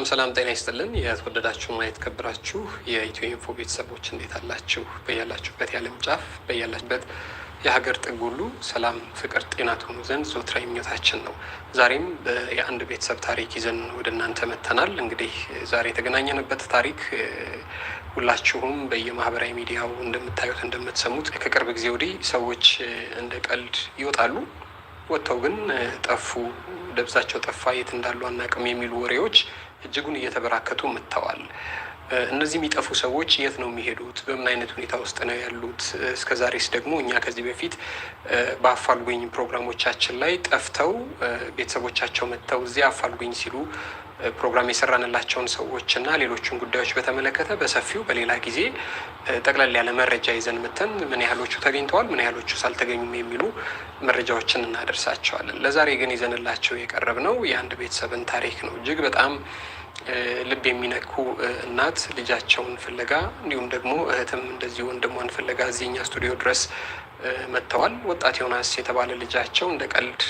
ሰላም ሰላም፣ ጤና ይስጥልን የተወደዳችሁ እና የተከበራችሁ የኢትዮ ኢንፎ ቤተሰቦች እንዴት አላችሁ? በያላችሁበት የዓለም ጫፍ በያላችሁበት የሀገር ጥግ ሁሉ ሰላም፣ ፍቅር፣ ጤና ትሆኑ ዘንድ ዞትራዊ ምኞታችን ነው። ዛሬም የአንድ ቤተሰብ ታሪክ ይዘን ወደ እናንተ መጥተናል። እንግዲህ ዛሬ የተገናኘንበት ታሪክ ሁላችሁም በየማህበራዊ ሚዲያው እንደምታዩት እንደምትሰሙት ከቅርብ ጊዜ ወዲህ ሰዎች እንደ ቀልድ ይወጣሉ፣ ወጥተው ግን ጠፉ፣ ደብዛቸው ጠፋ፣ የት እንዳሉ አናቅም የሚሉ ወሬዎች እጅጉን እየተበራከቱ መጥተዋል። እነዚህ የሚጠፉ ሰዎች የት ነው የሚሄዱት? በምን አይነት ሁኔታ ውስጥ ነው ያሉት? እስከ ዛሬስ ደግሞ እኛ ከዚህ በፊት በአፋልጉኝ ፕሮግራሞቻችን ላይ ጠፍተው ቤተሰቦቻቸው መጥተው እዚህ አፋልጉኝ ሲሉ ፕሮግራም የሰራንላቸውን ሰዎች እና ሌሎችን ጉዳዮች በተመለከተ በሰፊው በሌላ ጊዜ ጠቅለል ያለ መረጃ ይዘን ምተን ምን ያህሎቹ ተገኝተዋል፣ ምን ያህሎቹ ሳልተገኙም የሚሉ መረጃዎችን እናደርሳቸዋለን። ለዛሬ ግን ይዘንላቸው የቀረብ ነው የአንድ ቤተሰብን ታሪክ ነው። እጅግ በጣም ልብ የሚነኩ እናት ልጃቸውን ፍለጋ እንዲሁም ደግሞ እህትም እንደዚሁ ወንድሟን ፍለጋ እዚህኛ ስቱዲዮ ድረስ መጥተዋል። ወጣት ዮናስ የተባለ ልጃቸው እንደ ቀልድ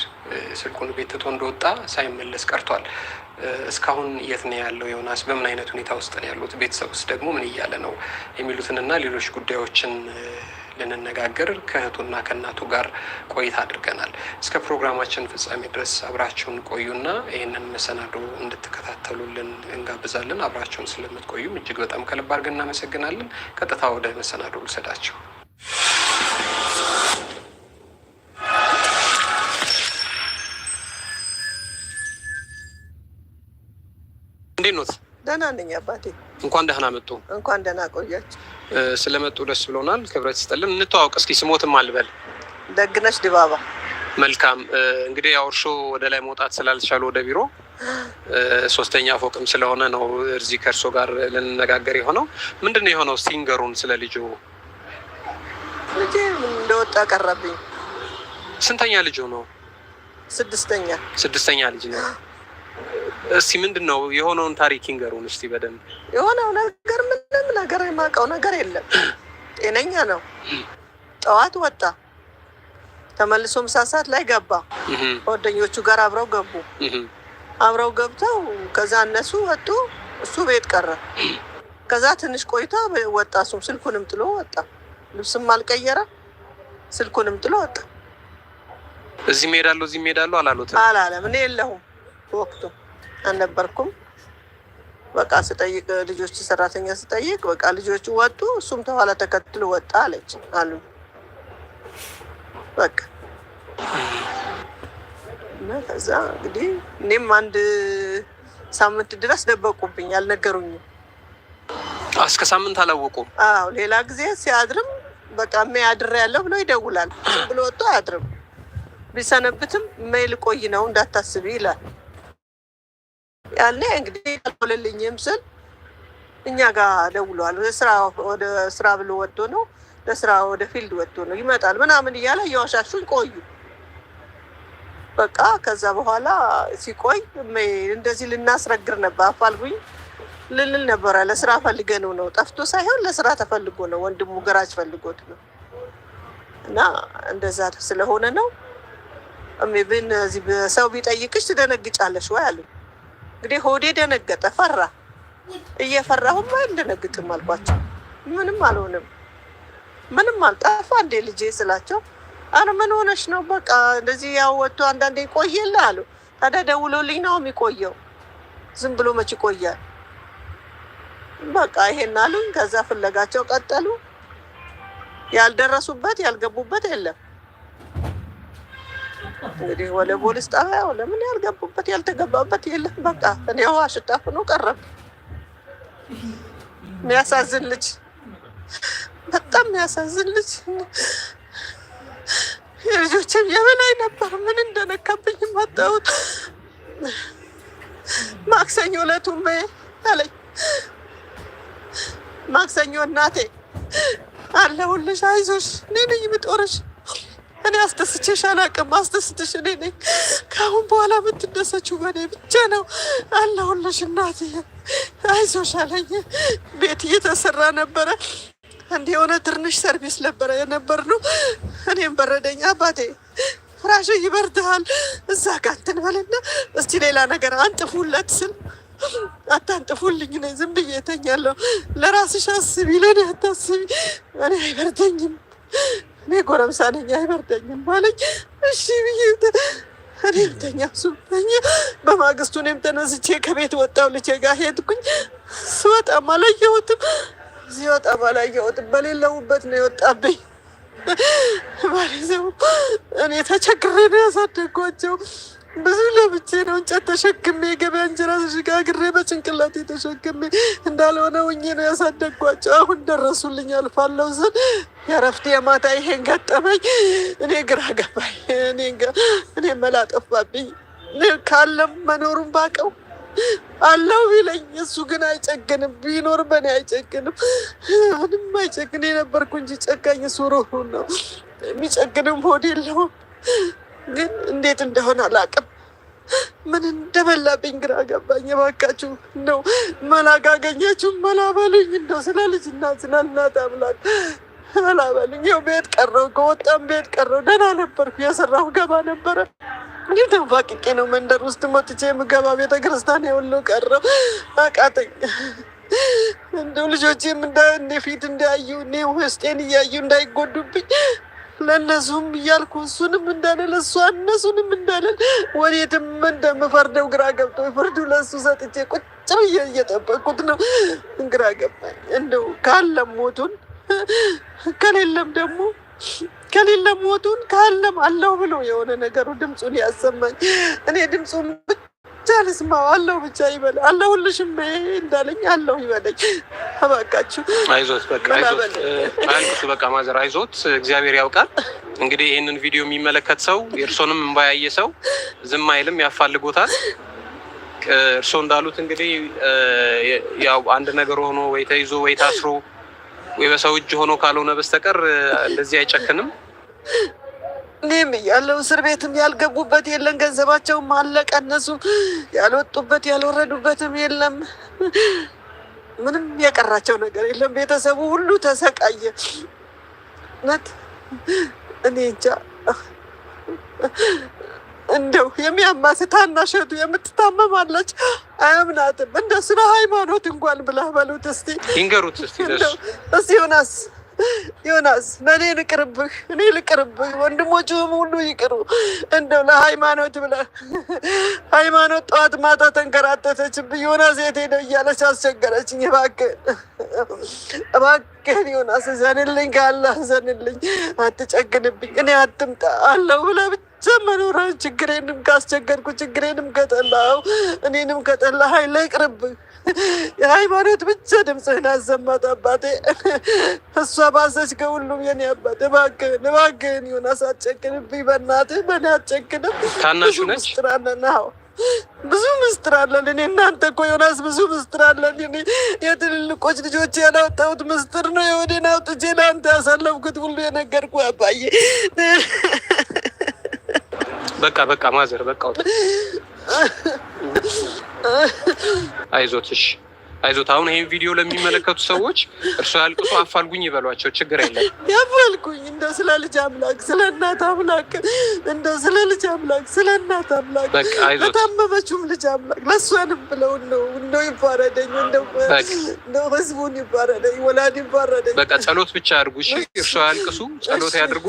ስልኩን ቤት ትቶ እንደወጣ ሳይመለስ ቀርቷል። እስካሁን የት ነው ያለው ዮናስ፣ በምን አይነት ሁኔታ ውስጥ ነው ያሉት፣ ቤተሰብ ውስጥ ደግሞ ምን እያለ ነው የሚሉትንና ሌሎች ጉዳዮችን ልንነጋገር ከእህቱና ከእናቱ ጋር ቆይታ አድርገናል። እስከ ፕሮግራማችን ፍጻሜ ድረስ አብራችሁን ቆዩና ይህንን መሰናዶ እንድትከታተሉልን እንጋብዛለን። አብራችሁን ስለምትቆዩም እጅግ በጣም ከልብ አድርገን እናመሰግናለን። ቀጥታ ወደ መሰናዶ ልውሰዳችሁ። እንዴት ኖት? ደህና ነኝ አባቴ። እንኳን ደህና መጡ። እንኳን ደህና ቆያችሁ። ስለመጡ ደስ ብሎናል። ክብረት ይስጥልን። እንተዋወቅ እስኪ ስሞትም አልበል። ደግነሽ ድባባ። መልካም እንግዲህ ያው እርሾ ወደ ላይ መውጣት ስላልቻሉ ወደ ቢሮ ሶስተኛ ፎቅም ስለሆነ ነው እዚህ ከእርሶ ጋር ልንነጋገር የሆነው። ምንድን ነው የሆነው? ሲንገሩን ስለ ልጁ ልጄ እንደወጣ ቀረብኝ። ስንተኛ ልጁ ነው? ስድስተኛ ስድስተኛ ልጅ ነው። እስቲ ምንድን ነው የሆነውን ታሪክ ይንገሩን እስቲ በደንብ። የሆነው ነገር ምንም ነገር የማውቀው ነገር የለም። ጤነኛ ነው። ጠዋት ወጣ፣ ተመልሶ ምሳ ሰዓት ላይ ገባ። ጓደኞቹ ጋር አብረው ገቡ። አብረው ገብተው ከዛ እነሱ ወጡ፣ እሱ ቤት ቀረ። ከዛ ትንሽ ቆይታ ወጣ፣ እሱም ስልኩንም ጥሎ ወጣ። ልብስም አልቀየረ፣ ስልኩንም ጥሎ ወጣ። እዚህ እሄዳለሁ እዚህ እሄዳለሁ አላሉትም አላለም። እኔ የለሁም ወቅቱም አልነበርኩም። በቃ ስጠይቅ ልጆች ሰራተኛ ስጠይቅ በቃ ልጆቹ ወጡ፣ እሱም ተኋላ ተከትሎ ወጣ አለች አሉ። በቃ እና ከዛ እንግዲህ እኔም አንድ ሳምንት ድረስ ደበቁብኝ፣ አልነገሩኝም። እስከ ሳምንት አላወቁም። አዎ ሌላ ጊዜ ሲያድርም በቃ አድር ያለው ብሎ ይደውላል። ብሎ ወጥቶ አያድርም። ቢሰነብትም ሜል ቆይ ነው እንዳታስቢ ይላል። ያኔ እንግዲህ አልሆነልኝም ስል እኛ ጋር ደውሏል። ስራ ወደ ስራ ብሎ ወጥቶ ነው ለስራ ወደ ፊልድ ወጥቶ ነው ይመጣል ምናምን እያለ እያዋሻሹኝ ቆዩ። በቃ ከዛ በኋላ ሲቆይ እንደዚህ ልናስረግር ነበር አፋልጉኝ ልልል ነበረ። ለስራ ፈልገነው ነው ጠፍቶ ሳይሆን ለስራ ተፈልጎ ነው ወንድሙ ገራጅ ፈልጎት ነው። እና እንደዛ ስለሆነ ነው ብን እዚህ ሰው ቢጠይቅሽ ትደነግጫለሽ ወይ አሉ። እንግዲህ ሆዴ ደነገጠ፣ ፈራ። እየፈራሁም አልደነግጥም አልኳቸው። ምንም አልሆንም፣ ምንም አልጠፋ እንዴ ልጄ ስላቸው፣ አረ ምን ሆነሽ ነው? በቃ እንደዚህ ያው ወጥቶ አንዳንዴ ይቆየል አሉ። ታዲያ ደውሎልኝ ነው የሚቆየው፣ ዝም ብሎ መች ይቆያል? በቃ ይሄን አሉኝ። ከዛ ፍለጋቸው ቀጠሉ። ያልደረሱበት ያልገቡበት የለም። እንግዲህ ወደ ፖሊስ ጣቢያ ለምን ያልገቡበት ያልተገባበት የለም። በቃ እኔ ውሃ ሽታ ሆኖ ቀረብ። የሚያሳዝን ልጅ፣ በጣም የሚያሳዝን ልጅ። የልጆችም የበላይ ነበር። ምን እንደነካብኝ ማጣሁት። ማክሰኞ ዕለቱን በይ አለኝ። ማክሰኞ እናቴ አለሁልሽ፣ አይዞሽ፣ እኔ ነኝ የምጦርሽ እኔ አስደስቼሽ አላውቅም። አስደስትሽ እኔ ነኝ። ከአሁን በኋላ የምትደሰችው በእኔ ብቻ ነው። አለሁልሽ እናትዬ፣ አይዞሽ አለኝ። ቤት እየተሰራ ነበረ። እንደ የሆነ ትንሽ ሰርቪስ ነበረ የነበር ነው። እኔም በረደኝ። አባቴ ፍራሽ ይበርድሃል፣ እዛ ጋ እንትን በልና እስቲ ሌላ ነገር አንጥፉለት ስል አታንጥፉልኝ ነው ዝም ብዬ እተኛለሁ። ለራስሽ አስቢ፣ ለእኔ አታስቢ። እኔ አይበርደኝም እኔ ጎረምሳ ነኝ አይበርደኝም ማለኝ። እሺ ብዬ እኔ ተኛ ሱበኝ። በማግስቱ እኔም ተነስቼ ከቤት ወጣው ልጄ ጋር ሄድኩኝ። ስወጣም አላየሁትም፣ ሲወጣም አላየሁትም። በሌለውበት ነው የወጣብኝ። ባሌ እኔ ተቸግሬ ነው ያሳደግኳቸው። ብዙ ለብቼ ነው እንጨት ተሸክሜ የገበያ እንጀራ ግሬ በጭንቅላቴ ተሸክሜ እንዳልሆነ ውኜ ነው ያሳደግኳቸው። አሁን ደረሱልኝ አልፋለሁ ስል የረፍት የማታ ይሄን ገጠመኝ። እኔ ግራ ገባኝ። እኔ መላጠፋብኝ ካለም መኖሩን ባቀው አለው ቢለኝ እሱ ግን አይጨግንም። ቢኖር በእኔ አይጨግንም። ምንም አይጨግን የነበርኩ እንጂ ጨካኝ ሱሮሁ ነው የሚጨግንም ሆድ የለውም። ግን እንዴት እንደሆነ አላቅም! ምን እንደበላብኝ ግራ ገባኝ። የባካችሁ እንደው መላ ካገኛችሁ መላ በሉኝ። እንደው ስለ ልጅና ስለ እናት አምላክ መላ በሉኝ። ይኸው ቤት ቀረው፣ ከወጣም ቤት ቀረው። ደህና ነበርኩ፣ የሰራሁ ገባ ነበረ እንዲህ ተንፋቅቄ ነው መንደር ውስጥ መጥቼ የምገባ። ቤተ ክርስቲያን የሁሉ ቀረው፣ አቃተኝ። እንደው ልጆቼም እንደ ፊት እንዳያዩ እኔ ውስጤን እያዩ እንዳይጎዱብኝ ለእነሱም እያልኩ እሱንም እንዳለል ለእሷ እነሱንም እንዳለል ወዴትም እንደምፈርደው ግራ ገብቶ ፍርዱ ለእሱ ሰጥቼ ቁጭ ብዬ እየጠበቅኩት ነው። ግራ ገባኝ። እንደው ካለም ሞቱን ከሌለም ደግሞ ከሌለም ሞቱን ካለም አለው ብሎ የሆነ ነገሩ ድምፁን ያሰማኝ እኔ ድምፁን ቻልስማ አለው ብቻ ይበል አለው አለሁልሽም እንዳለኝ አለው ይበለኝ። እባካችሁ አይዞት፣ በቃ አይዞት፣ በቃ ማዘር አይዞት፣ እግዚአብሔር ያውቃል። እንግዲህ ይህንን ቪዲዮ የሚመለከት ሰው የእርሶንም እንባ ያየ ሰው ዝም አይልም፣ ያፋልጎታል። እርሶ እንዳሉት እንግዲህ ያው አንድ ነገር ሆኖ ወይ ተይዞ ወይ ታስሮ ወይ በሰው እጅ ሆኖ ካልሆነ በስተቀር እንደዚህ አይጨክንም። እኔም ያለው እስር ቤትም ያልገቡበት የለም፣ ገንዘባቸውም አለቀ። እነሱ ያልወጡበት ያልወረዱበትም የለም። ምንም የቀራቸው ነገር የለም። ቤተሰቡ ሁሉ ተሰቃየ። እውነት እኔ እንጃ እንደው የሚያማስ ታናሸቱ የምትታመማለች አያምናትም። እንደ ስለ ሃይማኖት እንኳን ብላ በሉት እስቲ ይንገሩት እስቲ እስቲ ዮናስ ዮናስ ለእኔ ልቅርብህ፣ እኔ ልቅርብህ፣ ወንድሞችህም ሁሉ ይቅሩ። እንደው ለሃይማኖት ብለህ ሃይማኖት ጠዋት ማታ ተንከራተተችብኝ። ዮናስ የት ሄደ እያለች አስቸገረችኝ። እባክህ እባክህ ዮናስ ዘንልኝ፣ ካለህ ዘንልኝ፣ አትጨግንብኝ። እኔ አትምጣ አለው ብለህ ብቻ መኖርህ ችግሬንም ካስቸገርኩ ችግሬንም ከጠላው እኔንም ከጠላ ከጠላህ ልቅርብህ የሃይማኖት ብቻ ድምፅህን አዘማት አባቴ። እሷ ባሰች ከሁሉም የኔ አባት። እባክህን እባክህን ይሁን አትጨክንብኝ፣ በእናትህ በእኔ አትጨክንም። ታናሹ ነች ነው ብዙ ምስጥር አለን። እኔ እናንተ እኮ ዮናስ ብዙ ምስጥር አለን። የትልልቆች ልጆች ያላወጣሁት ምስጥር ነው። የወዴን አውጥቼ ለአንተ ያሳለፍኩት ሁሉ የነገርኩ አባዬ። በቃ በቃ ማዘር በቃ አይዞት እሺ አይዞት። አሁን ይሄን ቪዲዮ ለሚመለከቱ ሰዎች እርሶ ያልቅሱ፣ አፋልጉኝ ይበሏቸው፣ ችግር የለም። ያፋልጉኝ እንደ ስለ ልጅ አምላክ፣ ስለ እናት አምላክ፣ እንደ ስለ ልጅ አምላክ፣ ስለ እናት አምላክ፣ በቃ በታመመችውም ልጅ አምላክ ለእሷንም ብለው ነው እንደው ይባረደኝ፣ እንደው ህዝቡን ይባረደኝ፣ ወላድ ይባረደኝ። በቃ ጸሎት ብቻ አድርጉ እሺ። እርሶ ያልቅሱ፣ ጸሎት ያድርጉ።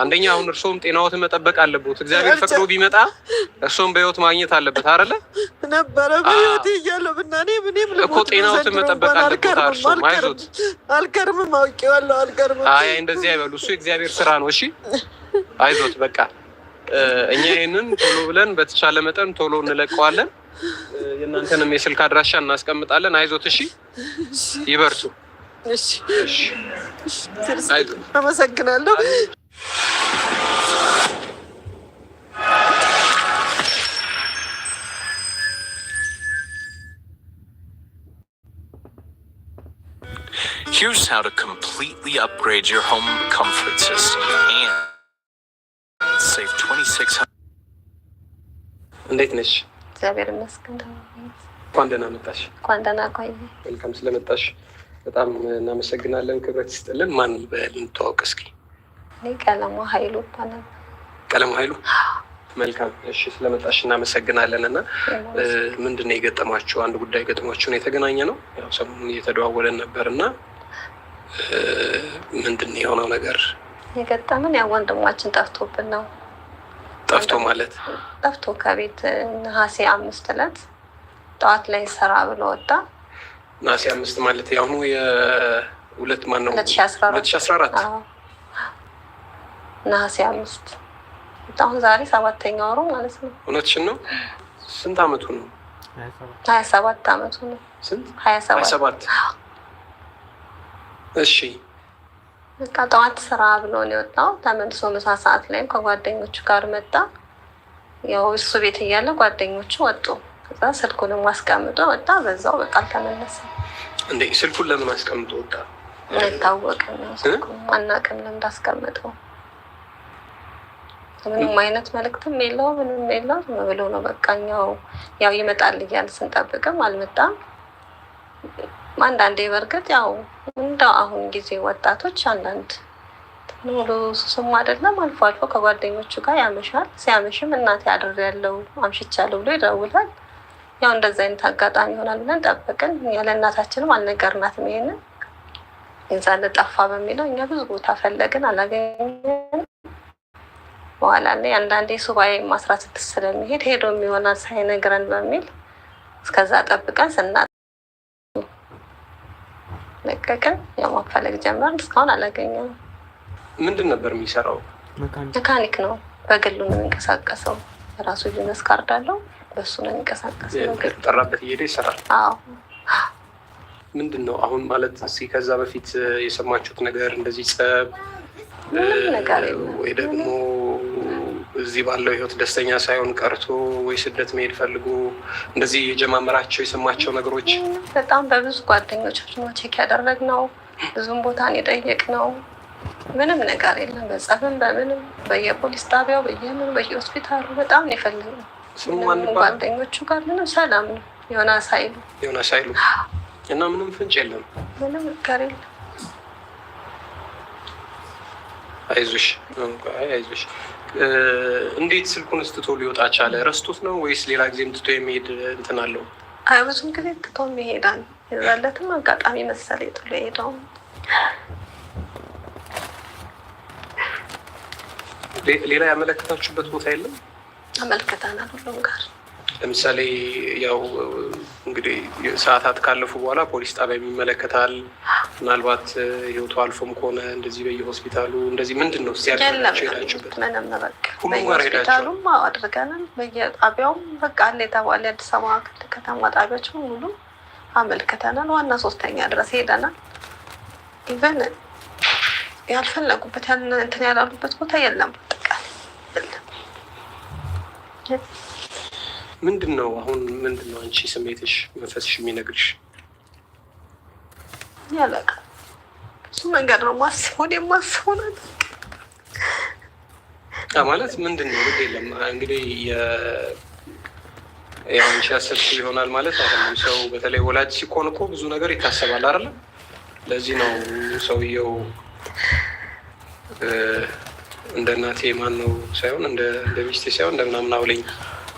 አንደኛ አሁን እርስዎም ጤናዎትን መጠበቅ አለበት። እግዚአብሔር ፈቅዶ ቢመጣ እርስዎም በህይወት ማግኘት አለበት አይደለ? ነበረ በህይወት እያለሁ ብናኔ ምንም እኮ ጤናዎትን መጠበቅ አለበት። እርስዎም አይዞት፣ አልከርምም፣ አውቄዋለሁ፣ አልከርምም። አይ እንደዚህ አይበሉ፣ እሱ የእግዚአብሔር ስራ ነው። እሺ አይዞት፣ በቃ እኛ ይህንን ቶሎ ብለን በተቻለ መጠን ቶሎ እንለቀዋለን። የእናንተንም የስልክ አድራሻ እናስቀምጣለን። አይዞት፣ እሺ፣ ይበርቱ። አመሰግናለሁ። Here's how to completely upgrade your home comfort system and save 2600 እንዴት ነሽ? እግዚአብሔር ይመስገን። እንኳን ደህና መጣሽ። እንኳን ደህና ስለመጣሽ በጣም እናመሰግናለን። ክብረት ይስጥልን። ማን ልንተዋወቅ? እስኪ ቀለሙ ሀይሉ ይባላል። ቀለሙ ሀይሉ መልካም። እሺ ስለመጣሽ እናመሰግናለን። እና ምንድን ነው የገጠማችሁ? አንድ ጉዳይ ገጠማችሁ የተገናኘ ነው። ያው ሰሞኑን እየተደዋወለን ነበር እና ምንድን ነው የሆነው ነገር? የገጠምን ያው ወንድማችን ጠፍቶብን ነው። ጠፍቶ ማለት ጠፍቶ ከቤት ነሐሴ አምስት ዕለት ጠዋት ላይ ስራ ብሎ ወጣ ነሐሴ አምስት ማለት የአሁኑ የሁለት ማን ነው? ሁለት ሺህ አስራ አራት ነሐሴ አምስት አሁን ዛሬ ሰባተኛ ወሩ ማለት ነው። እውነትሽን ነው። ስንት አመቱ ነው? ሀያ ሰባት አመቱ ነው። ስንት ሀያ ሰባት እሺ በቃ ጠዋት ስራ ብሎ ነው የወጣው። ተመልሶ ምሳ ሰዓት ላይም ከጓደኞቹ ጋር መጣ። ያው እሱ ቤት እያለ ጓደኞቹ ወጡ። እዛ ስልኩንም አስቀምጦ ወጣ። በዛው በቃ አልተመለሰም። እንደ ስልኩን ለምን አስቀምጦ ወጣ? አይታወቅም። አናውቅም እንዳስቀምጠው ምንም አይነት መልእክትም የለው ምንም የለው። ዝም ብሎ ነው በቃኛው። ያው ይመጣል እያል ስንጠብቅም አልመጣም። አንዳንዴ በእርግጥ ያው እንደ አሁን ጊዜ ወጣቶች አንዳንድ ሙሉ ሱስም አይደለም አልፎ አልፎ ከጓደኞቹ ጋር ያመሻል። ሲያመሽም እናቴ አድሬያለሁ አምሽቻለሁ ብሎ ይደውላል። ያው እንደዚህ አይነት አጋጣሚ ይሆናል ብለን ጠበቅን። ያለ እናታችንም አልነገርናትም ይሄንን ይንሳለ ጠፋ በሚለው እኛ ብዙ ቦታ ፈለግን፣ አላገኘንም። በኋላ ላይ አንዳንዴ ሱባኤ አስራ ስድስት ስለሚሄድ ሄዶ የሚሆናል ሳይነግረን በሚል እስከዛ ጠብቀን ስና ለቀቅን የማፈለግ ጀመርን። እስካሁን አላገኘንም። ምንድን ነበር የሚሰራው? መካኒክ ነው። በግሉ ነው የሚንቀሳቀሰው። የራሱ ቢዝነስ ካርድ አለው። በሱ ነው የሚንቀሳቀስ ጠራበት እየሄደ ይሰራል። ምንድን ነው አሁን ማለት እ ከዛ በፊት የሰማችሁት ነገር እንደዚህ ጸብ ወይ ደግሞ እዚህ ባለው ህይወት ደስተኛ ሳይሆን ቀርቶ ወይ ስደት መሄድ ፈልጎ እንደዚህ የጀማመራቸው የሰማቸው ነገሮች በጣም በብዙ ጓደኞቻችን ነው ቼክ ነው። ብዙም ቦታን የጠየቅ ነው። ምንም ነገር የለም። በጸብም በምንም በየፖሊስ ጣቢያው በየምኑ በየሆስፒታሉ በጣም ነው ጓደኞቹ ጋር ምንም ሰላም ነው። ዮናስ ኃይሉ ዮናስ ኃይሉ እና ምንም ፍንጭ የለም። ምንም ነገር የለም። አይዞሽ አይዞሽ። እንዴት ስልኩን ስትቶ ሊወጣ ቻለ? ረስቶት ነው ወይስ ሌላ ጊዜም ትቶ የሚሄድ እንትን አለው? አይ ብዙም ጊዜ ትቶ ይሄዳል። የዛለትም አጋጣሚ መሰለኝ ጥሎ የሄደው። ሌላ ያመለከታችሁበት ቦታ የለም? ተመልክተናል። ሁሉም ጋር ለምሳሌ ያው እንግዲህ ሰዓታት ካለፉ በኋላ ፖሊስ ጣቢያ ይመለከታል። ምናልባት ህይወቱ አልፎም ከሆነ እንደዚህ በየሆስፒታሉ እንደዚህ ምንድን ነው ሄዳችሁበት? ምንም በየጣቢያውም በቃ አለ የተባለ አዲስ አበባ ከተማ ጣቢያዎች ሙሉ አመልክተናል። ዋና ሶስተኛ ድረስ ሄደናል። ኢቨን ያልፈለጉበት እንትን ያላሉበት ቦታ የለም። ምንድን ነው አሁን? ምንድን ነው አንቺ ስሜትሽ፣ መንፈስሽ የሚነግርሽ? ያለቀ እሱ መንገድ ነው ማስሆን የማስሆን ነገር ማለት ምንድን ነው? ግድ የለም እንግዲህ የአንቺ አሰብሽ ይሆናል ማለት አይደለም። ሰው በተለይ ወላጅ ሲኮን እኮ ብዙ ነገር ይታሰባል አይደለም? ለዚህ ነው ሰውየው እንደ እናቴ ማን ነው ሳይሆን እንደ ሚስቴ ሳይሆን እንደ ምናምን አውለኝ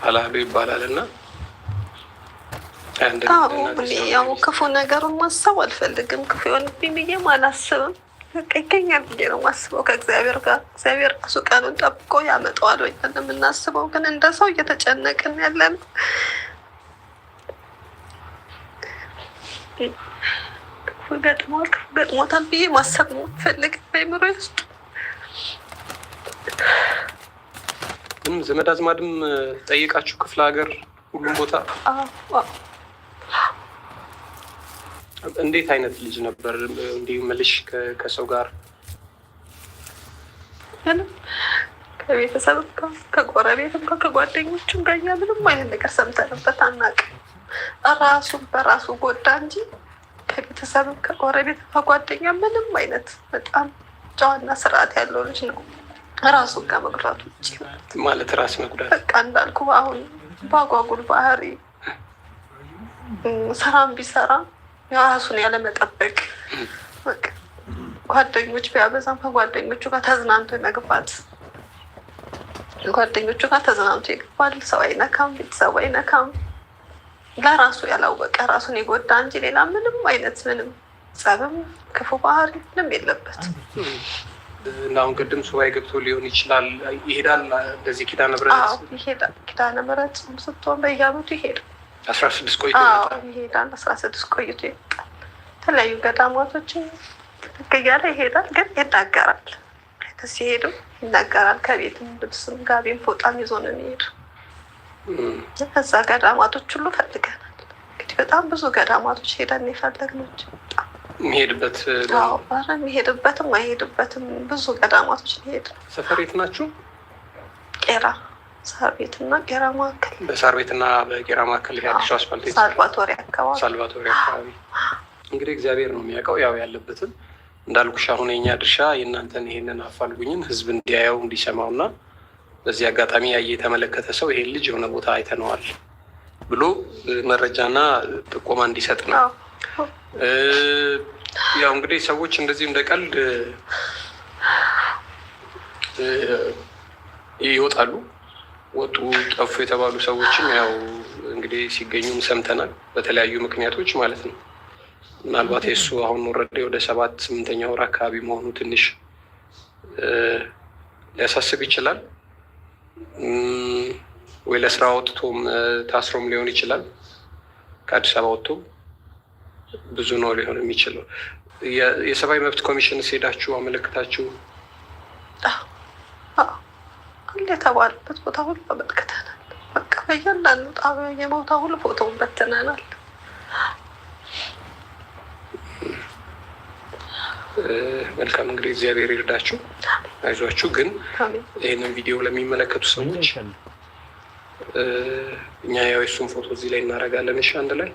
አላሉ ይባላል እና ያው ክፉ ነገሩን ማሰብ አልፈልግም። ክፉ የሆንብኝ ብዬም አላስብም። በቃ ይገኛል ብዬ ነው ማስበው ከእግዚአብሔር ጋር። እግዚአብሔር ራሱ ቀኑን ጠብቆ ያመጣዋል ወይ የምናስበው ግን እንደ ሰው እየተጨነቅን ያለን ክፉ ገጥሟል፣ ክፉ ገጥሞታል ብዬ ማሰብ ነው ፈልግ በአእምሮዬ ውስጥ ምንም ዘመድ አዝማድም ጠይቃችሁ ክፍለ ሀገር ሁሉም ቦታ እንዴት አይነት ልጅ ነበር? እንዲህ መልሽ ከሰው ጋር ከቤተሰብ ከጎረቤትም ከጓደኞችም ጋር እኛ ምንም አይነት ነገር ሰምተንበት አናውቅም። ራሱ በራሱ ጎዳ እንጂ ከቤተሰብም ከጎረቤት ከጓደኛ ምንም አይነት በጣም ጨዋና ስርዓት ያለው ልጅ ነው። ራሱ ጋር መጉዳት ውጭ ማለት ራስ መጉዳት በቃ እንዳልኩ አሁን በአጓጉል ባህሪ ስራም ቢሰራ ራሱን ያለመጠበቅ ጓደኞች ቢያበዛም ከጓደኞቹ ጋር ተዝናንቶ መግባት ጓደኞቹ ጋር ተዝናንቶ ይግባል። ሰው አይነካም፣ ቤተሰብ አይነካም። ለራሱ ያላወቀ ራሱን የጎዳ እንጂ ሌላ ምንም አይነት ምንም ጸብም ክፉ ባህሪ ምንም የለበትም። እና አሁን ቅድም ሱባኤ ገብቶ ሊሆን ይችላል ይሄዳል። እንደዚህ ኪዳነ ምሕረት ኪዳነ ምሕረት ስትሆን በየዓመቱ ይሄዳል። አስራ ስድስት ቆይቶ ይሄዳል። አስራ ስድስት ቆይቶ ይመጣል። የተለያዩ ገዳማቶችን እያለ ይሄዳል። ግን ይናገራል። ሲሄድም ይናገራል። ከቤትም ልብስም፣ ጋቢም፣ ፎጣም ይዞ ነው የሚሄዱ። እዛ ገዳማቶች ሁሉ ፈልገናል። እንግዲህ በጣም ብዙ ገዳማቶች ሄደን የፈለግናቸው የሚሄድበት የሚሄድበትም አይሄድበትም ብዙ ገዳማቶች ሄድ ነው። ሰፈር ናችሁ? ቄራ ሳር ቤትና ቄራ መካከል በሳር ቤትና በቄራ መካከል ያለሽ አስፋልት ሳልቫቶሪ አካባቢ ሳልቫቶሪ አካባቢ እንግዲህ እግዚአብሔር ነው የሚያውቀው ያው ያለበትን እንዳልኩሽ አሁን የኛ ድርሻ የእናንተን ይሄንን አፋልጉኝን ህዝብ እንዲያየው እንዲሰማው እና በዚህ አጋጣሚ ያየ የተመለከተ ሰው ይሄን ልጅ የሆነ ቦታ አይተነዋል ብሎ መረጃና ጥቆማ እንዲሰጥ ነው። ያው እንግዲህ ሰዎች እንደዚህ እንደ ቀልድ ይወጣሉ። ወጡ ጠፉ የተባሉ ሰዎችም ያው እንግዲህ ሲገኙም ሰምተናል፣ በተለያዩ ምክንያቶች ማለት ነው። ምናልባት የእሱ አሁን ወረደ ወደ ሰባት ስምንተኛ ወር አካባቢ መሆኑ ትንሽ ሊያሳስብ ይችላል። ወይ ለስራ ወጥቶም ታስሮም ሊሆን ይችላል ከአዲስ አበባ ወጥቶም ብዙ ነው ሊሆን የሚችለው። የሰብአዊ መብት ኮሚሽን ሄዳችሁ አመለክታችሁ ሁሉ የተባለበት ቦታ ሁሉ አመልክተናል። በቃ በእያንዳንዱ ጣቢያ የቦታ ሁሉ ፎቶውን በትነናል። መልካም እንግዲህ እግዚአብሔር ይርዳችሁ፣ አይዟችሁ። ግን ይህንን ቪዲዮ ለሚመለከቱ ሰዎች እኛ ያው የሱን ፎቶ እዚህ ላይ እናደርጋለን። እሺ አንድ ላይ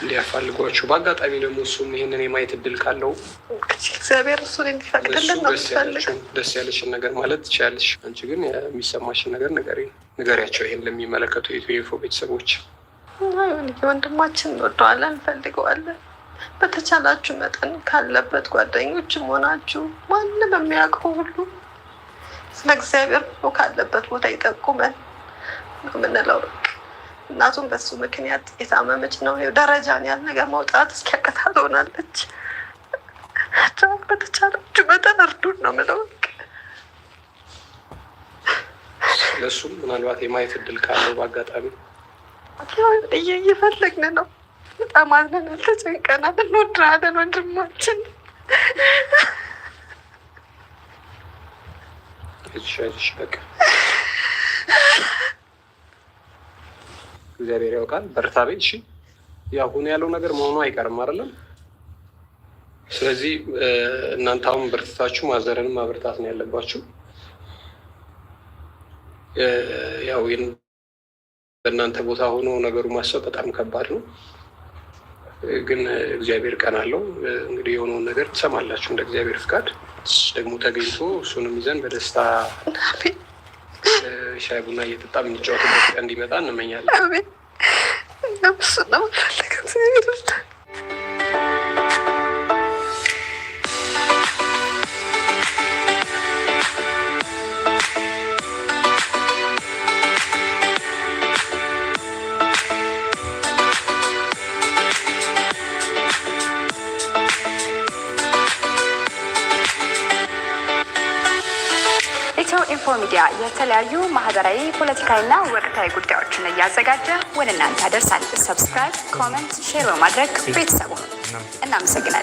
እንዲያፋልጓችሁ በአጋጣሚ ደግሞ እሱም ይህንን የማየት እድል ካለው እግዚአብሔር እሱን እንዲፈቅድልን ነው ደስ ያለሽን ነገር ማለት ትችላለሽ። አንቺ ግን የሚሰማሽን ነገር ንገሪያቸው። ይህን ለሚመለከቱ የኢትዮ ቤተሰቦች ወንድማችን እንወደዋለን፣ እንፈልገዋለን። በተቻላችሁ መጠን ካለበት ጓደኞችም ሆናችሁ ማንም የሚያውቀው ሁሉ ስለ እግዚአብሔር ካለበት ቦታ ይጠቁመን ነው የምንለው። እናቱም በሱ ምክንያት የታመመች ነው። ደረጃን ያል ነገር መውጣት እስኪያቀታት ሆናለች። በተቻላችሁ መጠን እርዱን ነው ምለው። ለእሱም ምናልባት የማየት እድል ካለው በአጋጣሚ እየ እየፈለግን ነው። በጣም አዝነናል፣ ተጨንቀናል። እንወድሃለን ወንድማችን። እሺ በቃ እግዚአብሔር ያውቃል። በርታ በይ። እሺ ያው ሆኖ ያለው ነገር መሆኑ አይቀርም አይደለም። ስለዚህ እናንተ አሁን በርትታችሁ ማዘረን ማበርታት ነው ያለባችሁ። ያው በእናንተ ቦታ ሆኖ ነገሩ ማሰብ በጣም ከባድ ነው፣ ግን እግዚአብሔር ቀን አለው። እንግዲህ የሆነውን ነገር ትሰማላችሁ። እንደ እግዚአብሔር ፍቃድ ደግሞ ተገኝቶ እሱንም ይዘን በደስታ ሻይ ቡና እየጠጣ የምንጫወትበት ቀን እንዲመጣ እንመኛለን። ኢንፎ ሚዲያ የተለያዩ ማህበራዊ፣ ፖለቲካዊና ወቅታዊ ጉዳዮችን እያዘጋጀ ወደ እናንተ ያደርሳል። ሰብስክራይብ፣ ኮመንት፣ ሼር በማድረግ ቤተሰቡ እናመሰግናለን።